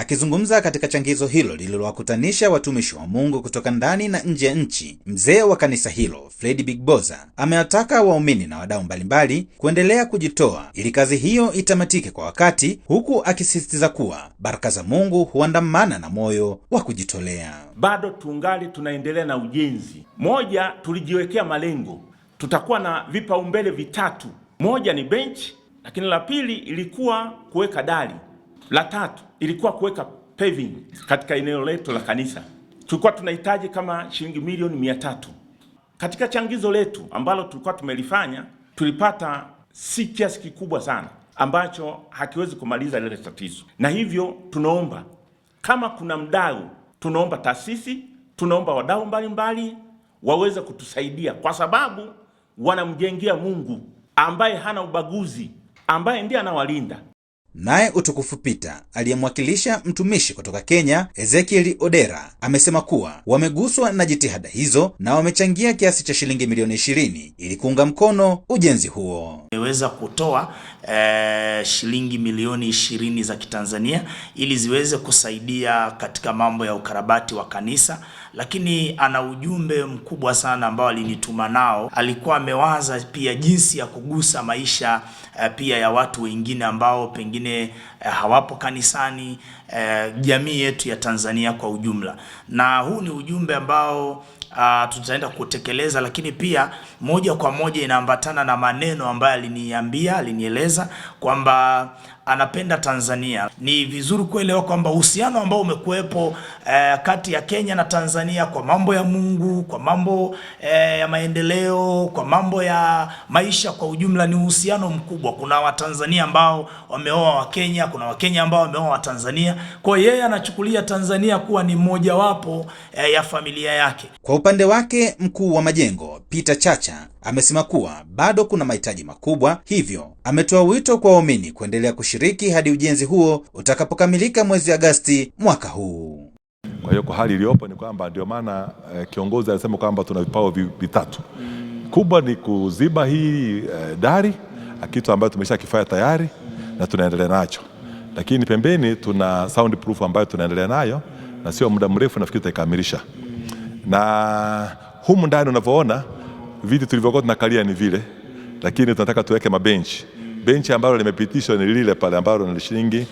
Akizungumza katika changizo hilo lililowakutanisha watumishi wa Mungu kutoka ndani na nje ya nchi, mzee wa kanisa hilo Fred Bigboza amewataka waumini na wadau mbalimbali kuendelea kujitoa ili kazi hiyo itamatike kwa wakati, huku akisisitiza kuwa baraka za Mungu huandamana na moyo wa kujitolea. Bado tungali tunaendelea na ujenzi. Moja, tulijiwekea malengo, tutakuwa na vipaumbele vitatu. Moja ni benchi, lakini la pili ilikuwa kuweka dari la tatu ilikuwa kuweka paving katika eneo letu la kanisa. Tulikuwa tunahitaji kama shilingi milioni mia tatu. Katika changizo letu ambalo tulikuwa tumelifanya, tulipata si kiasi kikubwa sana ambacho hakiwezi kumaliza lile tatizo, na hivyo tunaomba kama kuna mdau, tunaomba taasisi, tunaomba wadau mbalimbali waweze kutusaidia, kwa sababu wanamjengea Mungu ambaye hana ubaguzi, ambaye ndiye anawalinda. Naye Utukufu Peter aliyemwakilisha mtumishi kutoka Kenya, Ezekiel Odera, amesema kuwa wameguswa na jitihada hizo na wamechangia kiasi cha shilingi milioni ishirini ili kuunga mkono ujenzi huo. Wameweza kutoa eh, shilingi milioni ishirini za Kitanzania ili ziweze kusaidia katika mambo ya ukarabati wa kanisa, lakini ana ujumbe mkubwa sana ambao alinituma nao. Alikuwa amewaza pia jinsi ya kugusa maisha eh, pia ya watu wengine ambao pengine wengine eh, hawapo kanisani, eh, jamii yetu ya Tanzania kwa ujumla, na huu ni ujumbe ambao uh, tutaenda kutekeleza, lakini pia moja kwa moja inaambatana na maneno ambayo aliniambia, alinieleza kwamba anapenda Tanzania. Ni vizuri kuelewa kwamba uhusiano ambao umekuwepo eh, kati ya Kenya na Tanzania kwa mambo ya Mungu, kwa mambo eh, ya maendeleo, kwa mambo ya maisha kwa ujumla ni uhusiano mkubwa. Kuna Watanzania ambao wameoa Wakenya, kuna Wakenya ambao wameoa Watanzania. Kwa hiyo yeye anachukulia Tanzania kuwa ni mojawapo eh, ya familia yake kwa upande wake mkuu wa majengo Peter Chacha amesema kuwa bado kuna mahitaji makubwa, hivyo ametoa wito kwa waumini kuendelea kushiriki hadi ujenzi huo utakapokamilika mwezi Agasti mwaka huu. Kwa hiyo kwa hali iliyopo ni kwamba ndio maana eh, kiongozi alisema kwamba tuna vipao vitatu kubwa ni kuziba hii eh, dari, kitu ambacho tumeshakifanya tayari na tunaendelea nacho, lakini pembeni tuna soundproof ambayo tunaendelea nayo na sio muda mrefu nafikiri tutakamilisha na humu ndani unavyoona viti tulivyokuwa tunakalia ni vile, lakini tunataka tuweke mabenchi. Benchi ambalo limepitishwa ni lile pale ambalo ni shilingi eh,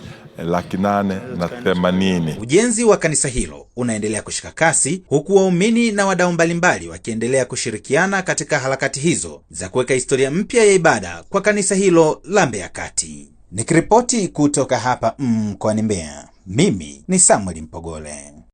laki nane na themanini. Ujenzi wa kanisa hilo unaendelea kushika kasi huku waumini na wadau mbalimbali wakiendelea kushirikiana katika harakati hizo za kuweka historia mpya ya ibada kwa kanisa hilo la Mbeya Kati. Nikiripoti kutoka hapa mkoani mm, Mbeya, mimi ni Samuel Mpogole.